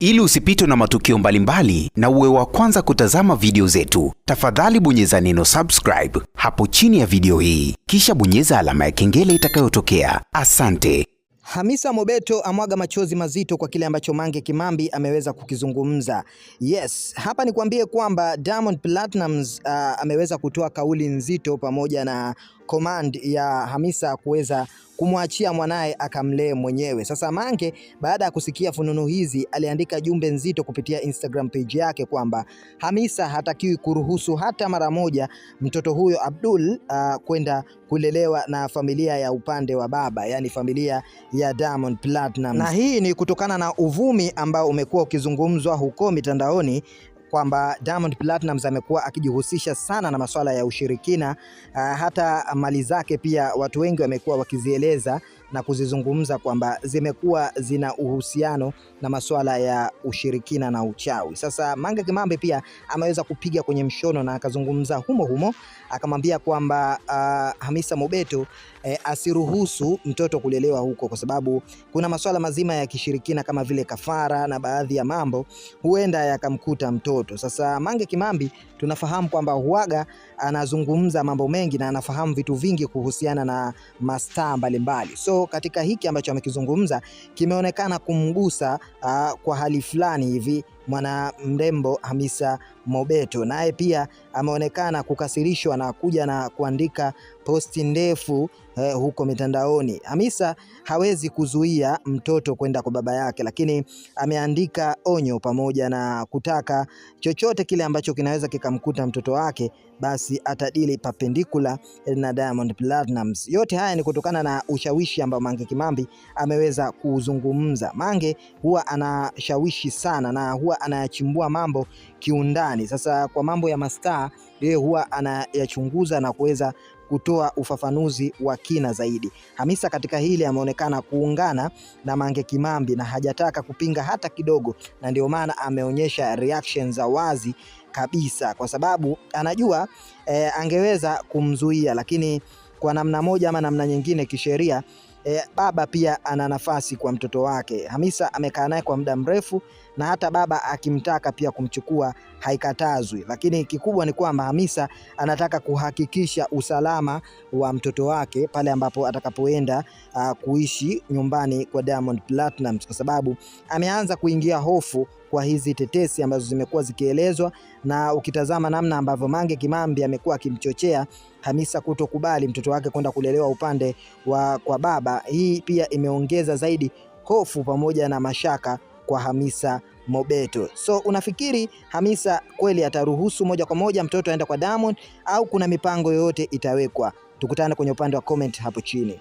Ili usipitwe na matukio mbalimbali mbali, na uwe wa kwanza kutazama video zetu, tafadhali bonyeza neno subscribe hapo chini ya video hii, kisha bonyeza alama ya kengele itakayotokea. Asante. Hamisa Mobeto amwaga machozi mazito kwa kile ambacho Mange Kimambi ameweza kukizungumza. Yes, hapa ni kuambie kwamba Diamond Platnumz uh, ameweza kutoa kauli nzito pamoja na command ya Hamisa kuweza kumwachia mwanaye akamlee mwenyewe. Sasa Mange baada ya kusikia fununu hizi aliandika jumbe nzito kupitia Instagram page yake kwamba Hamisa hatakiwi kuruhusu hata mara moja mtoto huyo Abdul uh, kwenda kulelewa na familia ya upande wa baba, yani familia ya Diamond Platinum. Na hii ni kutokana na uvumi ambao umekuwa ukizungumzwa huko mitandaoni kwamba Diamond Platnumz amekuwa akijihusisha sana na masuala ya ushirikina. Uh, hata mali zake pia watu wengi wamekuwa wakizieleza na kuzizungumza kwamba zimekuwa zina uhusiano na masuala ya ushirikina na uchawi. Sasa Mange Kimambe pia ameweza kupiga kwenye mshono na akazungumza humo humo, akamwambia kwamba uh, Hamisa Mobeto eh, asiruhusu mtoto kulelewa huko kwa sababu kuna masuala mazima ya kishirikina kama vile kafara na baadhi ya mambo huenda yakamkuta mtoto watoto. Sasa Mange Kimambi tunafahamu kwamba huaga anazungumza mambo mengi na anafahamu vitu vingi kuhusiana na mastaa mbalimbali. So katika hiki ambacho amekizungumza kimeonekana kumgusa uh, kwa hali fulani hivi mwana mrembo Hamisa Mobeto, naye pia ameonekana kukasirishwa na kuja na kuandika posti ndefu eh, huko mitandaoni. Hamisa hawezi kuzuia mtoto kwenda kwa baba yake, lakini ameandika onyo pamoja na kutaka chochote kile ambacho kinaweza kikamkuta mtoto wake basi atadili papendikula na Diamond Platnumz. Yote haya ni kutokana na ushawishi ambao Mange Kimambi ameweza kuzungumza. Mange huwa anashawishi sana na huwa huwa anayachimbua mambo kiundani. Sasa kwa mambo ya mastaa, yeye huwa anayachunguza na kuweza kutoa ufafanuzi wa kina zaidi. Hamisa katika hili ameonekana kuungana na Mange Kimambi na hajataka kupinga hata kidogo, na ndio maana ameonyesha reaction za wazi kabisa, kwa sababu anajua eh, angeweza kumzuia, lakini kwa namna moja ama namna nyingine kisheria E, baba pia ana nafasi kwa mtoto wake. Hamisa amekaa naye kwa muda mrefu na hata baba akimtaka pia kumchukua haikatazwi, lakini kikubwa ni kwamba Hamisa anataka kuhakikisha usalama wa mtoto wake pale ambapo atakapoenda uh, kuishi nyumbani kwa Diamond Platnumz, kwa sababu ameanza kuingia hofu kwa hizi tetesi ambazo zimekuwa zikielezwa, na ukitazama namna ambavyo Mange Kimambi amekuwa akimchochea Hamisa kutokubali mtoto wake kwenda kulelewa upande wa kwa baba, hii pia imeongeza zaidi hofu pamoja na mashaka kwa Hamisa Mobeto. So unafikiri Hamisa kweli ataruhusu moja kwa moja mtoto aenda kwa Diamond au kuna mipango yoyote itawekwa? Tukutane kwenye upande wa comment hapo chini.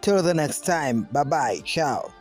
Till the next time. Bye bye. Ciao.